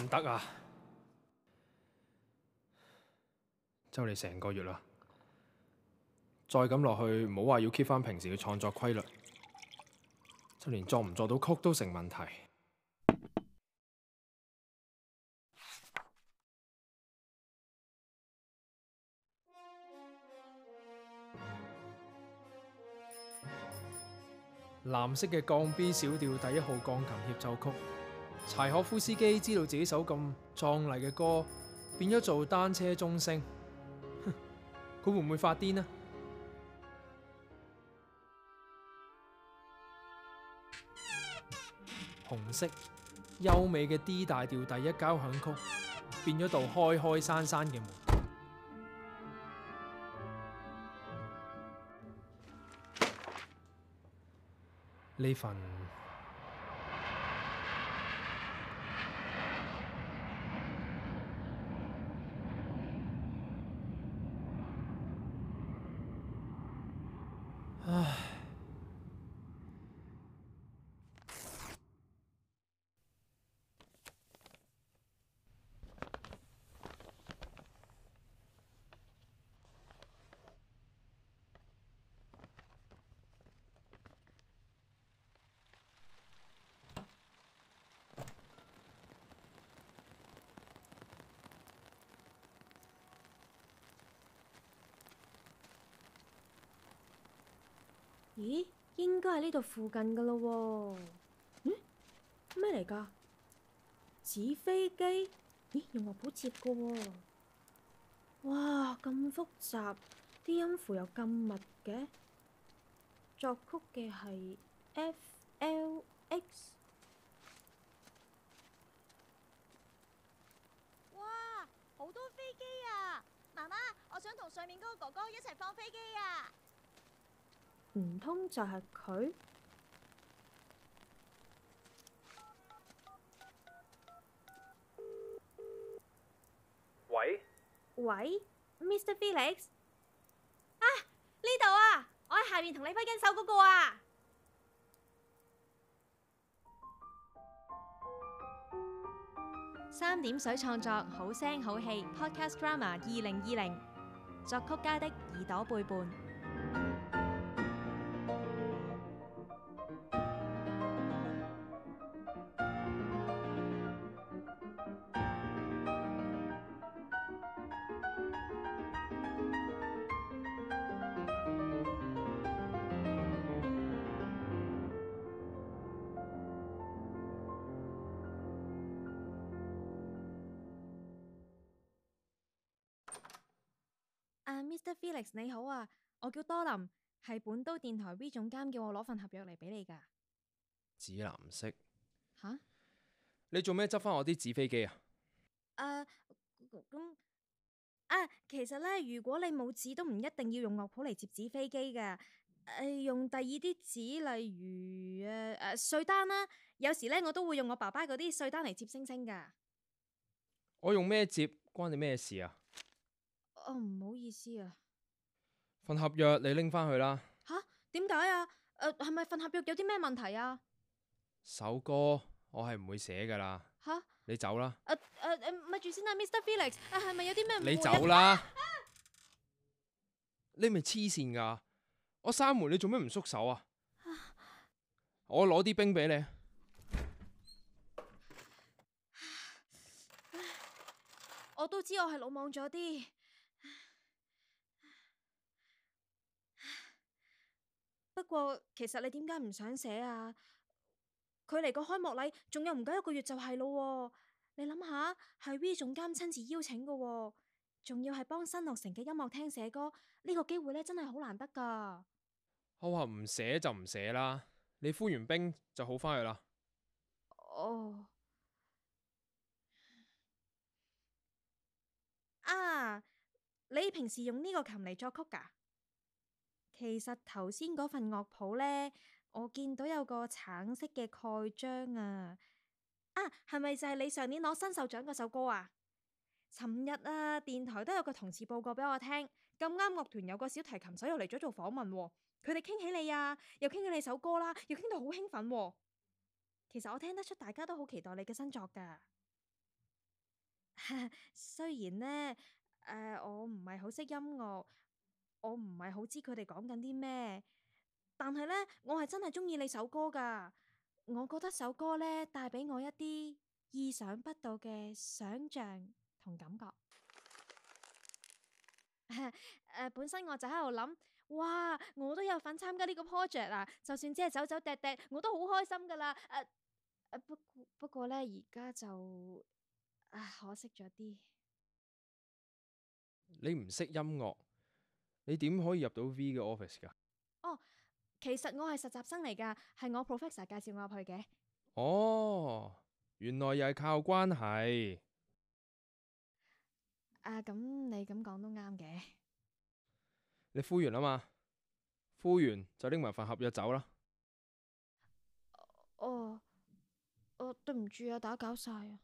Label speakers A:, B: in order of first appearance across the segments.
A: 唔得啊！就嚟成個月啦，再咁落去，唔好話要 keep 翻平時嘅創作規律，就連作唔作到曲都成問題。藍色嘅降 B 小調第一號鋼琴協奏曲。柴可夫斯基知道自己首咁壯麗嘅歌變咗做單車鐘聲，佢會唔會發癲啊？紅色優美嘅 D 大調第一交響曲變咗道開開閂閂嘅門，呢、 嗯、份。
B: 咦，應該喺呢度附近噶咯？嗯，咩嚟噶？紙飛機？咦，用樂譜折噶？哇，咁複雜，啲音符又咁密嘅？作曲嘅係 Felix。哇，好多飛機啊！媽媽，我想同上面嗰個哥哥一齊放飛機啊！唔通就係佢？
A: 喂
B: 喂，Mr. Felix 啊！呢度啊，我喺下面同你揮緊手嗰個啊！三點水創作，好聲好氣 Podcast Drama 二零二零，作曲家的耳朵背叛。誒、uh,，Mr. Felix 你好啊，我叫多琳，係本都電台 V 總監叫我攞份合約嚟俾你噶，
A: 紫藍色
B: 吓，Huh?
A: 你做咩執翻我啲紙飛機啊？
B: 誒、uh,，咁啊，其實咧，如果你冇紙都唔一定要用樂譜嚟接紙飛機嘅，誒、啊，用第二啲紙，例如誒誒稅單啦、啊，有時咧我都會用我爸爸嗰啲稅單嚟接星星噶。
A: 我用咩接關你咩事啊？
B: 哦，唔、oh, 好意思啊，
A: 份合約你拎翻去啦。
B: 吓，點解啊？誒，係咪份合約有啲咩問題啊？
A: 首歌我係唔會寫噶啦。
B: 吓、啊，你走啦。誒誒誒，咪住先啊 Mr. Felix，係、啊、咪有啲咩唔？你走啦！
A: 啊、你咪黐線噶，我閂門，你做咩唔縮手啊？啊我攞啲冰俾你、
B: 啊啊。我都知我係魯莽咗啲。不過其實你點解唔想寫啊？距離個開幕禮仲有唔夠一個月就係咯、哦，你諗下係 V 總監親自邀請噶、哦，仲要係幫新落成嘅音樂廳寫歌，呢、這個機會咧真係好難得噶。
A: 我話唔寫就唔寫啦，你敷完冰就好翻去啦。
B: 哦，oh, 啊，你平時用呢個琴嚟作曲噶？其實頭先嗰份樂譜呢，我見到有個橙色嘅蓋章啊，啊係咪就係你上年攞新手獎嗰首歌啊？尋日啊，電台都有個同事報告俾我聽，咁啱樂團有個小提琴手又嚟咗做訪問，啊，佢哋傾起你啊，又傾起你首歌啦，啊，又傾到好興奮，啊。其實我聽得出大家都好期待你嘅新作噶， 雖然呢，呃、我唔係好識音樂。我唔係好知佢哋講緊啲咩，但係呢，我係真係中意你首歌噶。我覺得首歌呢，帶俾我一啲意想不到嘅想象同感覺、 啊啊。本身我就喺度諗，哇，我都有份參加呢個 project 啊！就算只係走走趯趯，我都好開心噶啦、啊啊。不過呢，而家就、啊、可惜咗啲。
A: 你唔識音樂？你點可以入到 V 嘅 office 噶？
B: 哦，其實我係實習生嚟噶，係我 professor 介紹我入去嘅。
A: 哦，原來又係靠關係。
B: 啊，咁你咁講都啱嘅。
A: 你敷完啊嘛？敷完就拎埋份合約走啦。
B: 哦，我、哦、對唔住啊，打攪晒啊。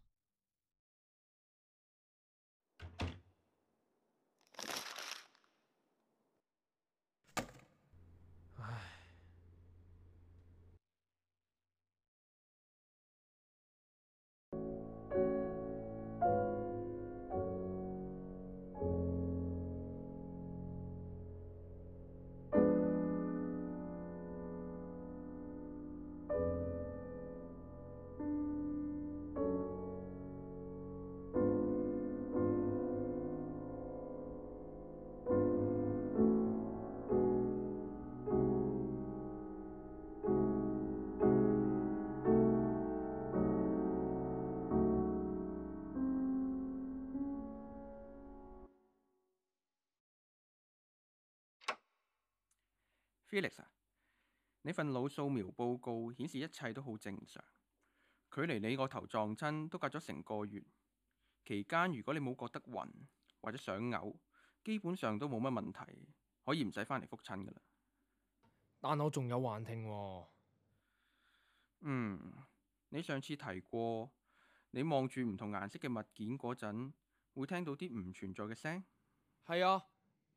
C: Felix 啊，你份腦掃描報告顯示一切都好正常。距離你個頭撞親都隔咗成個月，期間如果你冇覺得暈或者想嘔，基本上都冇乜問題，可以唔使返嚟覆診噶啦。
A: 但我仲有幻聽喎。嗯，
C: 你上次提過，你望住唔同顏色嘅物件嗰陣，會聽到啲
A: 唔存在嘅聲？係啊。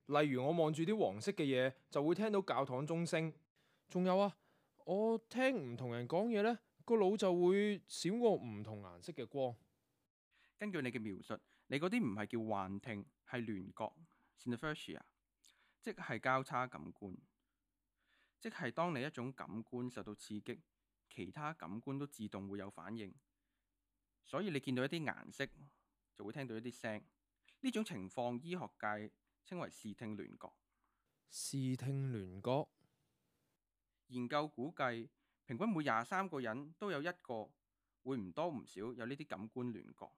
A: 例如我望住啲黃色嘅嘢，就會聽到教堂鐘聲。仲有啊，我聽唔同人講嘢呢，個腦就會閃過唔同顏色嘅光。根據你嘅描述，你嗰啲唔係叫
C: 幻聽，係聯覺。Synesthesia，即係交叉感官，即係當你一種感官受到刺激，其他感官都自動會有反應。所以你見到一啲顏色，就會聽到一啲聲。呢種情況，醫學界，稱為視聽聯覺。
A: 視聽聯覺
C: 研究估計，平均每廿三個人都有一個會唔多唔少有呢啲感官聯覺。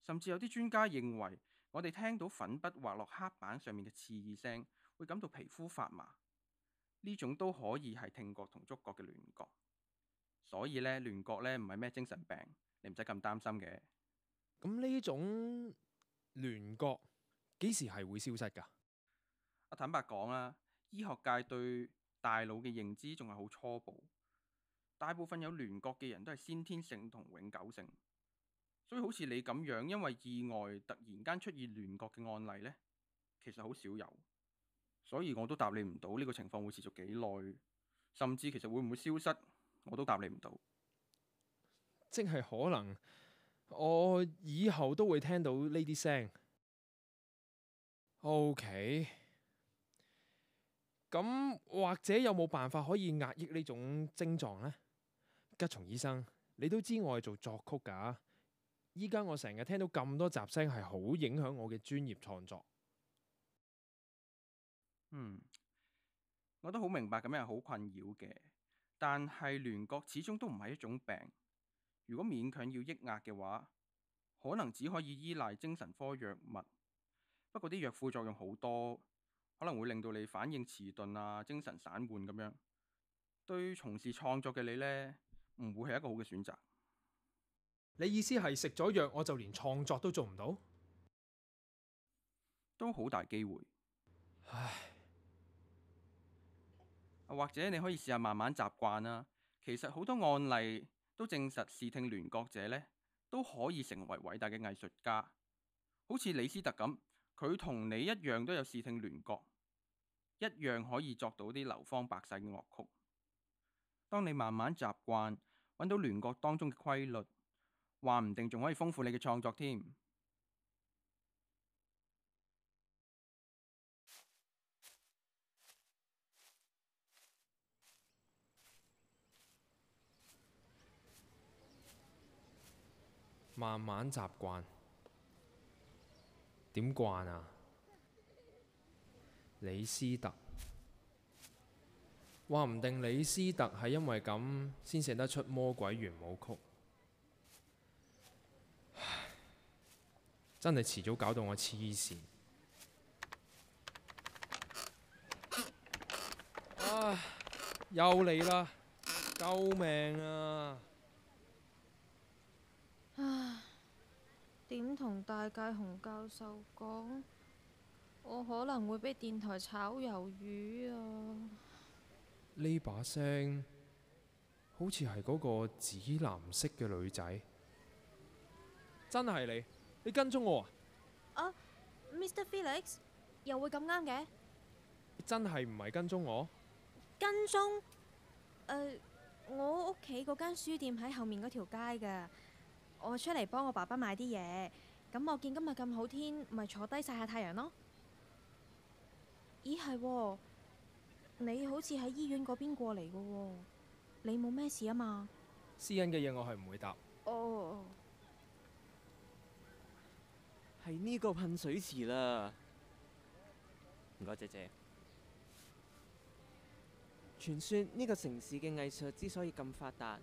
C: 甚至有啲專家認為，我哋聽到粉筆滑落黑板上面嘅刺耳聲，會感到皮膚發麻，呢種都可以係聽覺同觸覺嘅聯覺。所以呢聯覺呢唔係咩精神病，你唔使咁擔心嘅。咁呢種聯
A: 覺幾時係會消失噶？
C: 坦白講啦，醫學界對大腦嘅認知仲係好初步。大部分有聯覺嘅人都係先天性同永久性，所以好似你咁樣，因為意外突然間出現聯覺嘅案例呢，其實好少有。所以我都答你唔到呢個情況會持續幾耐，甚至其實會唔會消失，我都答你唔到。
A: 即係可能，我以後都會聽到呢啲聲。O.K. 咁或者有冇辦法可以壓抑呢種症狀呢？吉松醫生，你都知我係做作曲噶，依家我成日聽到咁多雜聲係好影響我嘅專業創作。嗯，
C: 我都好明白咁樣係好困擾嘅，但係聯覺始終都唔係一種病。如果勉強要抑壓嘅話，可能只可以依賴精神科藥物。不過啲藥副作用好多，可能會令到你反應遲鈍啊，精神散渙咁樣，對從事創作嘅你呢，唔會係一個好嘅選擇。
A: 你意思係食咗藥，我就連創作都做唔到？都好大機會
C: 唉，或者你可以試下慢慢習慣啦。其實好多案例都證實，視聽聯覺者呢，都可以成為偉大嘅藝術家，好似李斯特咁。佢同你一樣都有視聽聯覺，一樣可以作到啲流芳百世嘅樂曲。當你慢慢習慣，揾到聯覺當中嘅規律，話唔定仲可以豐富你嘅創作添。
A: 慢慢習慣。點慣啊？李斯特，話唔定李斯特係因為咁先寫得出《魔鬼圓舞曲》。真係遲早搞到我痴線。啊！又嚟啦！救命啊！
B: 點同大介雄教授講？我可能會俾電台炒魷魚啊！
A: 呢把聲好似係嗰個紫藍色嘅女仔，真係你？你跟蹤我
B: 啊？啊、uh，Mr. Felix，又會咁啱嘅？
A: 你真係唔係跟蹤我？
B: 跟蹤？Uh, 我屋企嗰間書店喺後面嗰條街㗎。我出嚟幫我爸爸買啲嘢，咁我見今日咁好天，咪坐低晒下曬曬太陽咯。咦，係，你好似喺醫院嗰邊過嚟嘅，你冇咩事啊嘛？
A: 私隱嘅嘢我係唔會答。哦，係呢個噴水池啦，唔該，姐姐。傳說呢個城市嘅藝術之所以咁發達。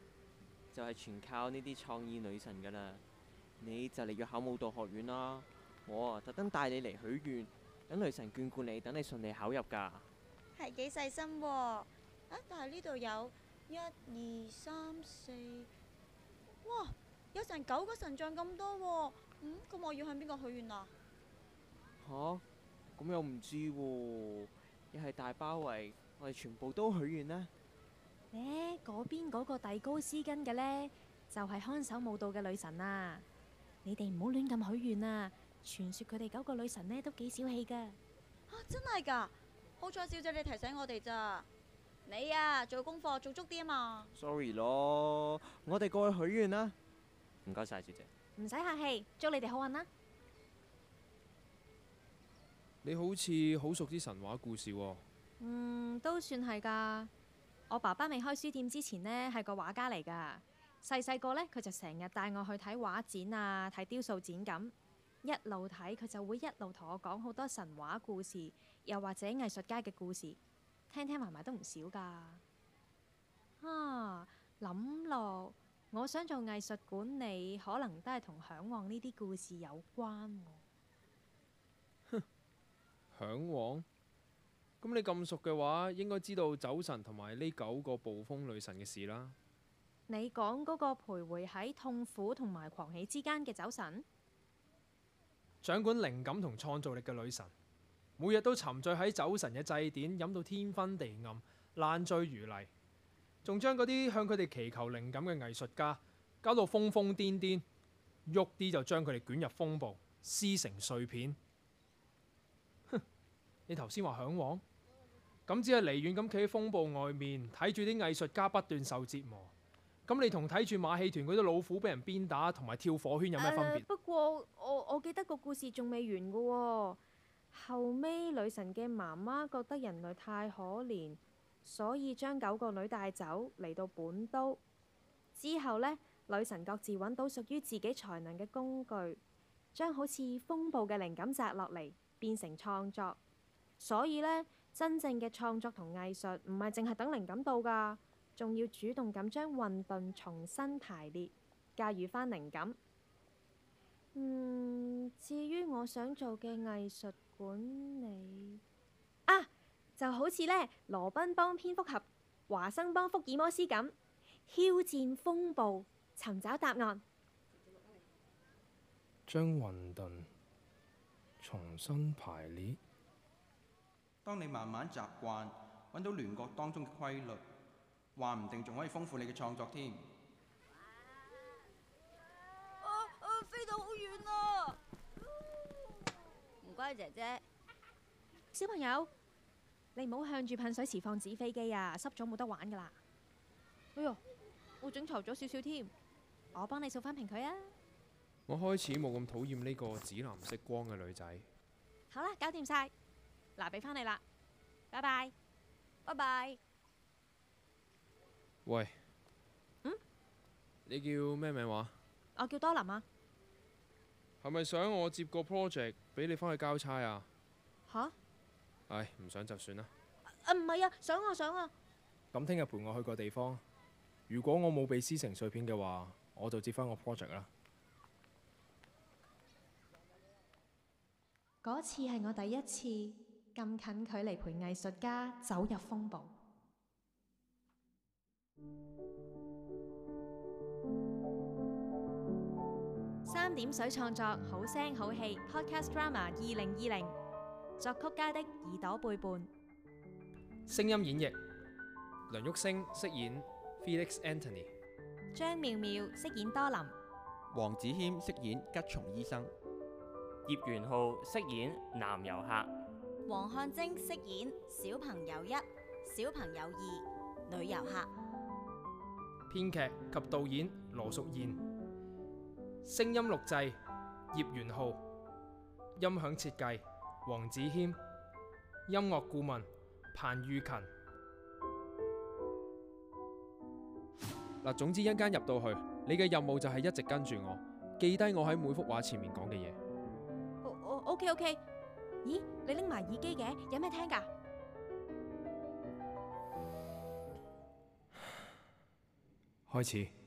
A: 就係全靠呢啲創意女神噶啦，你就嚟要考舞蹈學院啦，我啊特
C: 登帶你嚟許願，等女神眷顧你，等你順利考入噶。
B: 係幾細心喎、啊啊？但係呢度有一二三四，哇，有成九個神像咁多、啊，嗯，咁我要向邊個許願啊？
A: 吓、啊？咁、啊、又唔知喎，一係大包圍，我哋全部都許願呢？
B: 嗰邊嗰個戴高絲巾嘅呢，就係、是、看守舞蹈嘅女神啊！你哋唔好亂咁許願啊！傳說佢哋九個女神呢都幾小氣噶。啊，真係噶！好彩，小姐你提醒我哋咋？你啊，做功課做足啲啊嘛。
C: Sorry 咯，我哋過去許
A: 願啦。唔該晒，小姐。
B: 唔使客氣，祝你哋好運啦！
A: 你好似好熟啲神話故事，啊。
B: 嗯，都算係噶。我爸爸未開書店之前呢，係個畫家嚟噶。細細個呢，佢就成日帶我去睇畫展啊，睇雕塑展咁，一路睇佢就會一路同我講好多神話故事，又或者藝術家嘅故事，聽聽埋埋都唔少噶。啊，諗落，我想做藝術管理，可能都係同向往呢啲故事有關。哼，
A: 向往？咁你咁熟嘅話，應該知道酒神同埋呢九個暴風女神嘅事啦。
B: 你講嗰個徘徊喺痛苦同埋狂喜之間嘅酒神，
A: 掌管靈感同創造力嘅女神，每日都沉醉喺酒神嘅祭典，飲到天昏地暗，爛醉如泥，仲將嗰啲向佢哋祈求靈感嘅藝術家，搞到瘋瘋癲癲，喐啲就將佢哋捲入風暴，撕成碎片。哼，你頭先話向往。咁只係離遠咁企喺風暴外面睇住啲藝術家不斷受折磨，咁你同睇住馬戲團嗰啲老虎俾人鞭打同埋跳火圈有咩分別？啊、
B: 不過我我記得個故事仲未完㗎喎、哦，後尾女神嘅媽媽覺得人類太可憐，所以將九個女帶走嚟到本都。之後呢，女神各自揾到屬於自己才能嘅工具，將好似風暴嘅靈感摘落嚟變成創作。所以呢。真正嘅創作同藝術唔係淨係等靈感到㗎，仲要主動咁將混沌重新排列，駕馭返靈感。嗯，至於我想做嘅藝術管理啊，就好似呢羅賓幫蝙蝠俠，俠、華生幫福爾摩斯咁，挑戰風暴，尋找答案，
A: 將混沌重新排列。
C: 當你慢慢習慣揾到聯覺當中嘅規律，話唔定仲可以豐富你嘅創作添。
B: 啊啊！飛到好遠啦！唔該，姐姐，小朋友，你唔好向住噴水池放紙飛機啊！濕咗冇得玩噶啦！哎呦，我整皺咗少少添，我幫你掃翻平佢啊！
A: 我開始冇咁討厭呢個紫藍色光嘅女仔。
B: 好啦，搞掂曬。嗱，俾翻你啦，拜拜，拜拜。
A: 喂，嗯，你叫咩名話？
B: 我叫多琳啊。
A: 係咪想我接個 project 俾你翻去交差啊？吓？唉，唔想就算啦。
B: 啊，唔係啊，想啊想啊。
A: 咁聽日陪我去個地方。如果我冇被撕成碎片嘅話，我就接翻個 project 啦。
B: 嗰次係我第一次。咁近距離陪藝術家走入風暴。三點水創作，好聲好戲 Podcast Drama 二零二零，作曲家的耳朵背叛。
A: 聲音演繹梁煜星飾演 Felix Anthony，
B: 張妙妙飾演多琳，
A: 黃子謙飾演吉松醫生，葉元顥飾演男遊客。
B: 黃漢貞飾演小朋友一、小朋友二、女遊客。
A: 編劇及導演羅淑燕，聲音錄製葉元顥，音響設計黃子謙，音樂顧問彭譽芹。嗱，總之一陣入到去，你嘅任務就係一直跟住我，記低我喺每幅畫前面講嘅嘢。
B: O K O K、okay, okay.。咦，你拎埋耳機嘅，有咩聽㗎？
A: 開始。